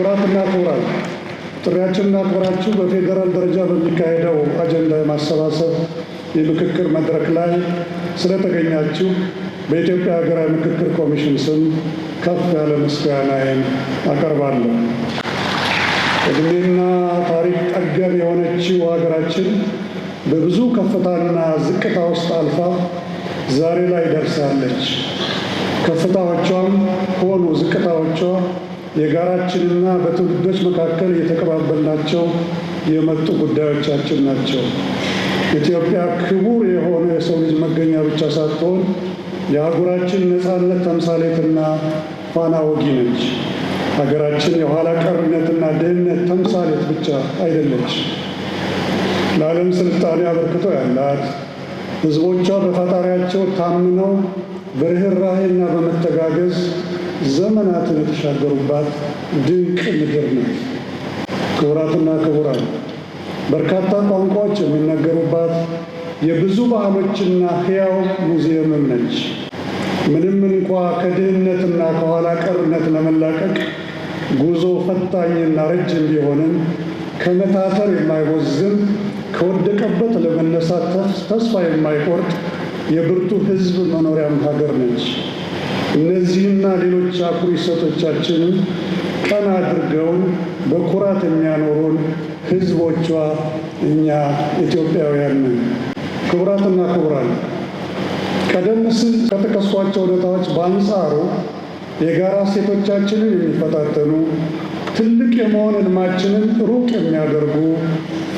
ክቡራትና ክቡራን ና አክብራችሁ በፌዴራል ደረጃ በሚካሄደው አጀንዳ የማሰባሰብ የምክክር መድረክ ላይ ስለተገኛችሁ በኢትዮጵያ ሀገራዊ ምክክር ኮሚሽን ስም ከፍ ያለ ምስጋናዬን አቀርባለሁ። እድሜና ታሪክ ጠገብ የሆነችው ሀገራችን በብዙ ከፍታና ዝቅታ ውስጥ አልፋ ዛሬ ላይ ደርሳለች። ከፍታዎቿም ሆኑ ዝቅታዎቿ የጋራችንና በትውልዶች መካከል የተቀባበልናቸው የመጡ ጉዳዮቻችን ናቸው። ኢትዮጵያ ክቡር የሆነ የሰው ልጅ መገኛ ብቻ ሳትሆን የአህጉራችን ነፃነት ተምሳሌትና ፋና ወጊ ነች። ሀገራችን የኋላ ቀርነትና ድህነት ተምሳሌት ብቻ አይደለች። ለዓለም ስልጣኔ አበርክቶ ያላት ሕዝቦቿ በፈጣሪያቸው ታምነው በርኅራኄና በመተጋገዝ ዘመናትን የተሻገሩባት ድንቅ ምድር ናት። ክቡራትና ክቡራን፣ በርካታ ቋንቋዎች የሚነገሩባት የብዙ ባህሎችና ሕያው ሙዚየምም ነች። ምንም እንኳ ከድህነትና ከኋላ ቀርነት ለመላቀቅ ጉዞ ፈታኝና ረጅም ቢሆንም ከመታተር የማይወዝን ከወደቀበት ለመነሳት ተስፋ የማይቆርጥ የብርቱ ህዝብ መኖሪያም ሀገር ነች። እነዚህና ሌሎች አኩሪ እሴቶቻችንን ቀና አድርገውን በኩራት የሚያኖሩን ህዝቦቿ እኛ ኢትዮጵያውያን ነን። ክቡራትና ክቡራን፣ ቀደም ሲል ከጠቀሷቸው እውነታዎች በአንጻሩ የጋራ እሴቶቻችንን የሚፈታተኑ ትልቅ የመሆን ዕድማችንን ሩቅ የሚያደርጉ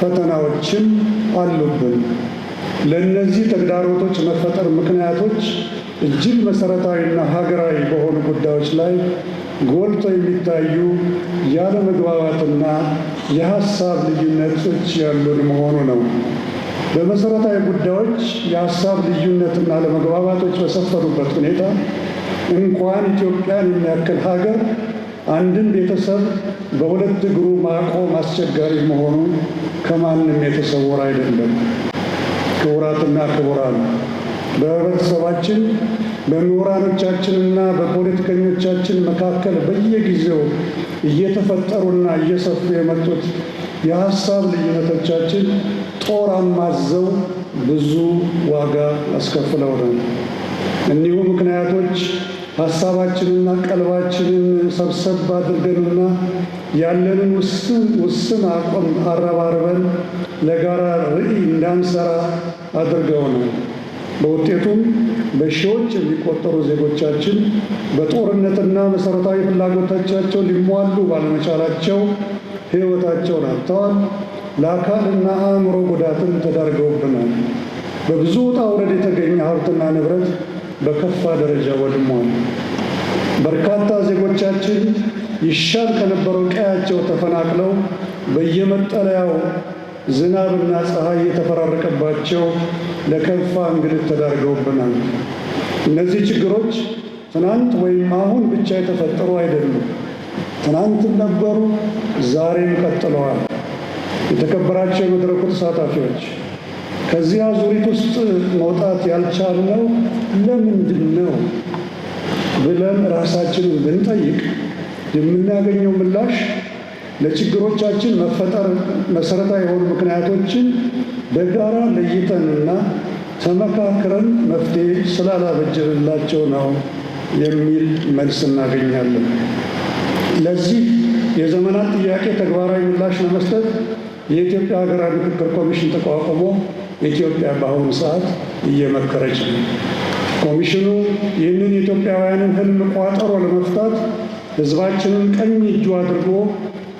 ፈተናዎችም አሉብን። ለእነዚህ ተግዳሮቶች መፈጠር ምክንያቶች እጅግ መሰረታዊና ሀገራዊ በሆኑ ጉዳዮች ላይ ጎልቶ የሚታዩ ያለመግባባትና የሀሳብ ልዩነቶች ያሉን መሆኑ ነው። በመሰረታዊ ጉዳዮች የሀሳብ ልዩነትና አለመግባባቶች በሰፈሩበት ሁኔታ እንኳን ኢትዮጵያን የሚያክል ሀገር አንድን ቤተሰብ በሁለት እግሩ ማቆም አስቸጋሪ መሆኑ ከማንም የተሰወረ አይደለም። ክቡራትና ክቡራን በህብረተሰባችን በምሁራኖቻችንና በፖለቲከኞቻችን መካከል በየጊዜው እየተፈጠሩና እየሰፉ የመጡት የሀሳብ ልዩነቶቻችን ጦር አማዘው ብዙ ዋጋ አስከፍለውናል። እኒሁ ምክንያቶች ሀሳባችንና ቀልባችንን ሰብሰብ አድርገንና ያለንን ውስን ውስን አቋም አረባርበን ለጋራ እንዳንሰራ አድርገውናል። በውጤቱም በሺዎች የሚቆጠሩ ዜጎቻችን በጦርነትና መሰረታዊ ፍላጎቶቻቸው ሊሟሉ ባለመቻላቸው ሕይወታቸውን አጥተዋል። ለአካልና አእምሮ ጉዳትን ተዳርገውብናል። በብዙ ውጣ ውረድ የተገኘ ሀብትና ንብረት በከፋ ደረጃ ወድሟል። በርካታ ዜጎቻችን ይሻል ከነበረው ቀያቸው ተፈናቅለው በየመጠለያው ዝናብና ፀሐይ የተፈራረቀባቸው ለከፋ እንግልት ተዳርገውብናል። እነዚህ ችግሮች ትናንት ወይም አሁን ብቻ የተፈጠሩ አይደሉም። ትናንትም ነበሩ፣ ዛሬም ቀጥለዋል። የተከበራቸው የመድረኩ ተሳታፊዎች ከዚህ አዙሪት ውስጥ መውጣት ያልቻልነው ለምንድን ነው ብለን ራሳችንን ብንጠይቅ የምናገኘው ምላሽ ለችግሮቻችን መፈጠር መሰረታዊ የሆኑ ምክንያቶችን በጋራ ለይተንና ተመካክረን መፍትሄ ስላላበጀንላቸው ነው የሚል መልስ እናገኛለን። ለዚህ የዘመናት ጥያቄ ተግባራዊ ምላሽ ለመስጠት የኢትዮጵያ ሀገራዊ ምክክር ኮሚሽን ተቋቁሞ ኢትዮጵያ በአሁኑ ሰዓት እየመከረች ነው። ኮሚሽኑ ይህንን የኢትዮጵያውያንን ሕልም ቋጠሮ ለመፍታት ህዝባችንን ቀኝ እጁ አድርጎ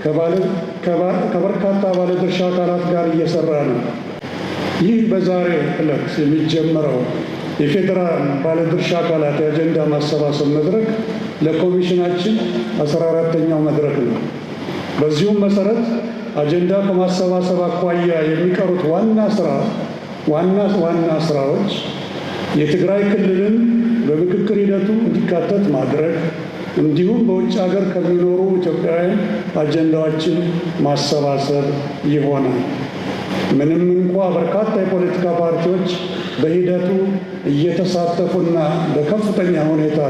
ከበርካታ ባለድርሻ አካላት ጋር እየሰራ ነው። ይህ በዛሬው ዕለት የሚጀመረው የፌዴራል ባለድርሻ አካላት የአጀንዳ ማሰባሰብ መድረክ ለኮሚሽናችን አስራ አራተኛው መድረክ ነው። በዚሁም መሰረት አጀንዳ ከማሰባሰብ አኳያ የሚቀሩት ዋና ስራ ዋና ዋና ስራዎች የትግራይ ክልልን በምክክር ሂደቱ እንዲካተት ማድረግ እንዲሁም በውጭ ሀገር ከሚኖሩ ኢትዮጵያውያን አጀንዳዎችን ማሰባሰብ ይሆናል። ምንም እንኳ በርካታ የፖለቲካ ፓርቲዎች በሂደቱ እየተሳተፉና በከፍተኛ ሁኔታ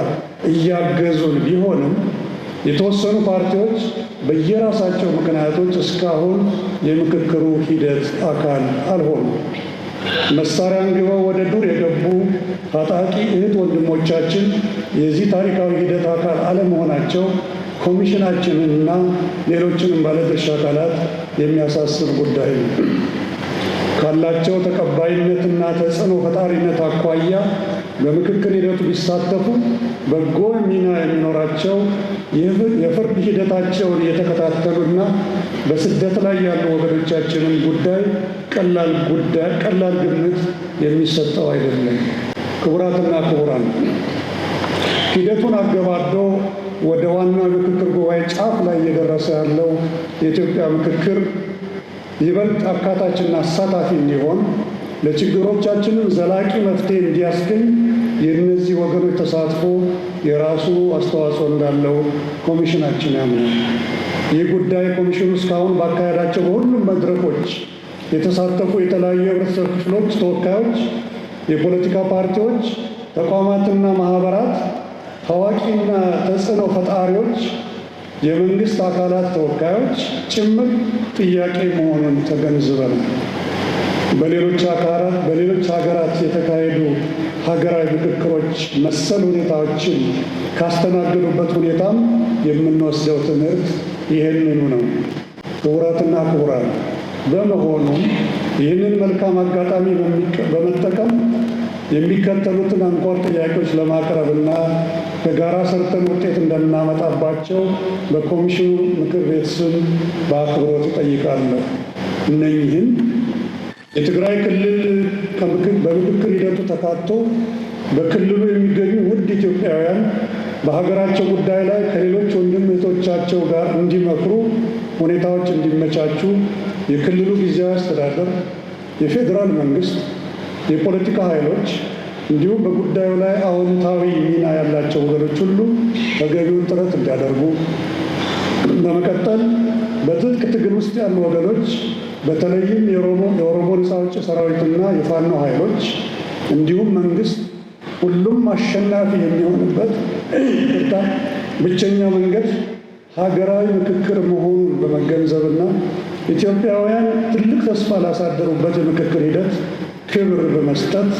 እያገዙን ቢሆንም የተወሰኑ ፓርቲዎች በየራሳቸው ምክንያቶች እስካሁን የምክክሩ ሂደት አካል አልሆኑም። መሳሪያ አንግበው ወደ ዱር የገቡ ታጣቂ እህት ወንድሞቻችን የዚህ ታሪካዊ ሂደት አካል አለመሆናቸው ኮሚሽናችንንና ሌሎችንም ባለድርሻ አካላት የሚያሳስብ ጉዳይ ነው። ካላቸው ተቀባይነትና ተጽዕኖ ፈጣሪነት አኳያ በምክክር ሂደቱ ቢሳተፉ በጎ ሚና የሚኖራቸው የፍርድ ሂደታቸውን እየተከታተሉና በስደት ላይ ያሉ ወገኖቻችንን ጉዳይ ቀላል ጉዳይ ቀላል ግምት የሚሰጠው አይደለም። ክቡራትና ክቡራን ሂደቱን አገባዶ ወደ ዋና ምክክር ጉባኤ ጫፍ ላይ እየደረሰ ያለው የኢትዮጵያ ምክክር ይበልጥ አካታችና አሳታፊ እንዲሆን ለችግሮቻችንም ዘላቂ መፍትሄ እንዲያስገኝ የእነዚህ ወገኖች ተሳትፎ የራሱ አስተዋጽኦ እንዳለው ኮሚሽናችን ያምናል። ይህ ጉዳይ ኮሚሽኑ እስካሁን ባካሄዳቸው በሁሉም መድረኮች የተሳተፉ የተለያዩ የህብረተሰብ ክፍሎች ተወካዮች፣ የፖለቲካ ፓርቲዎች፣ ተቋማትና ማህበራት፣ ታዋቂና ተጽዕኖ ፈጣሪዎች፣ የመንግስት አካላት ተወካዮች ጭምር ጥያቄ መሆኑን ተገንዝበናል። በሌሎች ሀገራት የተካሄዱ ሀገራዊ ምክክሮች መሰል ሁኔታዎችን ካስተናገዱበት ሁኔታም የምንወስደው ትምህርት ይህንኑ ነው። ክቡራትና ክቡራን፣ በመሆኑም ይህንን መልካም አጋጣሚ በመጠቀም የሚከተሉትን አንኳር ጥያቄዎች ለማቅረብና በጋራ ሰርተን ውጤት እንደምናመጣባቸው በኮሚሽኑ ምክር ቤት ስም በአክብሮት እጠይቃለሁ። እነኚህን የትግራይ ክልል በምክክር ሂደቱ ተካቶ በክልሉ የሚገኙ ውድ ኢትዮጵያውያን በሀገራቸው ጉዳይ ላይ ከሌሎች ወንድም እህቶቻቸው ጋር እንዲመክሩ ሁኔታዎች እንዲመቻቹ የክልሉ ጊዜያዊ አስተዳደር፣ የፌዴራል መንግስት፣ የፖለቲካ ኃይሎች እንዲሁም በጉዳዩ ላይ አዎንታዊ ሚና ያላቸው ወገኖች ሁሉ ተገቢውን ጥረት እንዲያደርጉ በመቀጠል በትጥቅ ትግል ውስጥ ያሉ ወገኖች በተለይም የኦሮሞ ነፃ አውጪ ሰራዊትና የፋኖ ኃይሎች እንዲሁም መንግስት ሁሉም አሸናፊ የሚሆንበት ብቸኛው መንገድ ሀገራዊ ምክክር መሆኑን በመገንዘብና ኢትዮጵያውያን ትልቅ ተስፋ ላሳደሩበት የምክክር ሂደት ክብር በመስጠት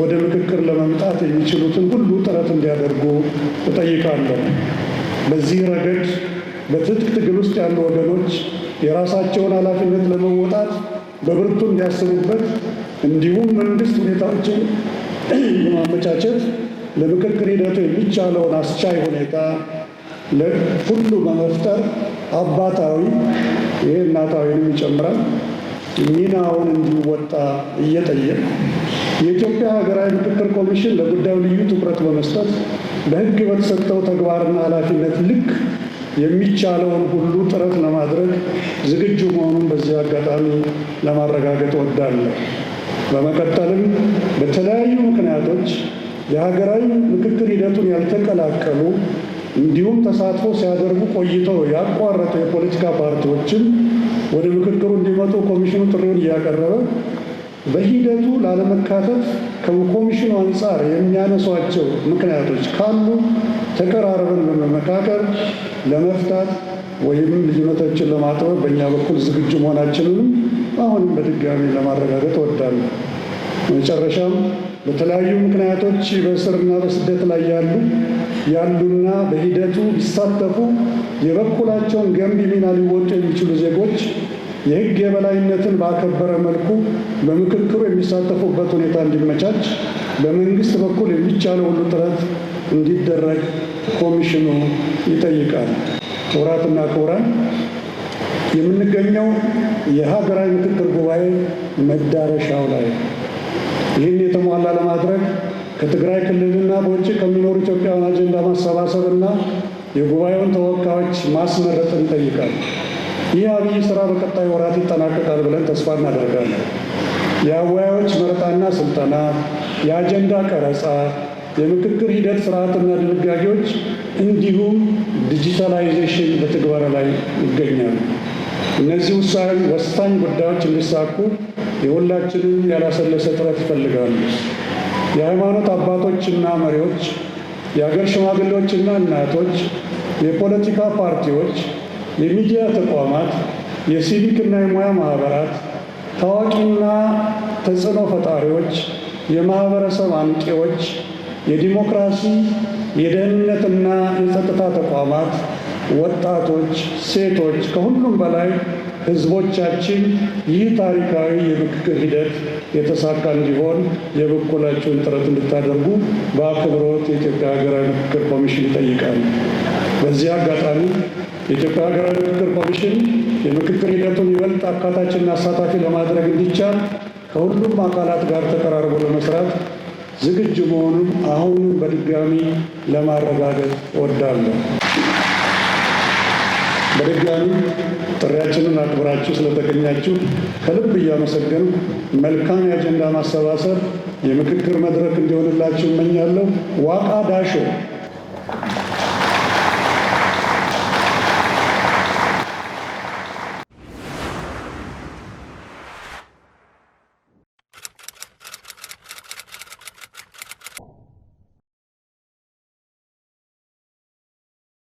ወደ ምክክር ለመምጣት የሚችሉትን ሁሉ ጥረት እንዲያደርጉ እጠይቃለሁ። በዚህ ረገድ በትጥቅ ትግል ውስጥ ያሉ ወገኖች የራሳቸውን ኃላፊነት ለመወጣት በብርቱ እንዲያስቡበት እንዲሁም መንግስት ሁኔታዎችን የማመቻቸት ለምክክር ሂደቱ የሚቻለውን አስቻይ ሁኔታ ለሁሉ በመፍጠር አባታዊ ይህ እናታዊንም ይጨምራል ሚናውን እንዲወጣ እየጠየቅ የኢትዮጵያ ሀገራዊ ምክክር ኮሚሽን ለጉዳዩ ልዩ ትኩረት በመስጠት በሕግ በተሰጠው ተግባርና ኃላፊነት ልክ የሚቻለውን ሁሉ ጥረት ለማድረግ ዝግጁ መሆኑን በዚህ አጋጣሚ ለማረጋገጥ እወዳለሁ። በመቀጠልም በተለያዩ ምክንያቶች የሀገራዊ ምክክር ሂደቱን ያልተቀላቀሉ እንዲሁም ተሳትፎ ሲያደርጉ ቆይተው ያቋረጡ የፖለቲካ ፓርቲዎችን ወደ ምክክሩ እንዲመጡ ኮሚሽኑ ጥሪውን እያቀረበ በሂደቱ ላለመካተት ከኮሚሽኑ አንጻር የሚያነሷቸው ምክንያቶች ካሉ ተቀራርበን በመመካከል ለመፍታት ወይም ልዩነቶችን ለማጥበብ በእኛ በኩል ዝግጁ መሆናችንንም አሁንም በድጋሚ ለማረጋገጥ እወዳለሁ። በመጨረሻም በተለያዩ ምክንያቶች በእስርና በስደት ላይ ያሉ ያሉና በሂደቱ ቢሳተፉ የበኩላቸውን ገንቢ ሚና ሊወጡ የሚችሉ ዜጎች የሕግ የበላይነትን ባከበረ መልኩ በምክክሩ የሚሳተፉበት ሁኔታ እንዲመቻች በመንግስት በኩል የሚቻለው ሁሉ ጥረት እንዲደረግ ኮሚሽኑ ይጠይቃል። ክቡራትና ክቡራን የምንገኘው የሀገራዊ ምክክር ጉባኤ መዳረሻው ላይ ይህን የተሟላ ለማድረግ ከትግራይ ክልልና በውጭ ከሚኖሩ ኢትዮጵያውያን አጀንዳ ማሰባሰብና የጉባኤውን ተወካዮች ማስመረጥ እንጠይቃል። ይህ አብይ ስራ በቀጣይ ወራት ይጠናቀቃል ብለን ተስፋ እናደርጋለን። የአወያዮች መረጣና ስልጠና፣ የአጀንዳ ቀረጻ የምክክር ሂደት ስርዓትና ድንጋጌዎች እንዲሁም ዲጂታላይዜሽን በተግባር ላይ ይገኛሉ። እነዚህ ውሳኔ ወሳኝ ጉዳዮች እንዲሳኩ የሁላችንን ያላሰለሰ ጥረት ይፈልጋሉ። የሃይማኖት አባቶችና መሪዎች፣ የሀገር ሽማግሌዎችና እናቶች፣ የፖለቲካ ፓርቲዎች፣ የሚዲያ ተቋማት፣ የሲቪክና የሙያ ማህበራት፣ ታዋቂና ተጽዕኖ ፈጣሪዎች፣ የማህበረሰብ አንቂዎች የዲሞክራሲ የደህንነትና የጸጥታ ተቋማት፣ ወጣቶች፣ ሴቶች፣ ከሁሉም በላይ ህዝቦቻችን ይህ ታሪካዊ የምክክር ሂደት የተሳካ እንዲሆን የበኩላቸውን ጥረት እንድታደርጉ በአክብሮት የኢትዮጵያ ሀገራዊ ምክክር ኮሚሽን ይጠይቃል። በዚህ አጋጣሚ የኢትዮጵያ ሀገራዊ ምክክር ኮሚሽን የምክክር ሂደቱን ይበልጥ አካታችና አሳታፊ ለማድረግ እንዲቻል ከሁሉም አካላት ጋር ተቀራርቦ ለመስራት ዝግጁ መሆኑን አሁንም በድጋሚ ለማረጋገጥ እወዳለሁ። በድጋሚ ጥሪያችንን አክብራችሁ ስለተገኛችሁ ከልብ እያመሰገኑ መልካም የአጀንዳ ማሰባሰብ የምክክር መድረክ እንዲሆንላችሁ እመኛለሁ። ዋቃ ዳሾ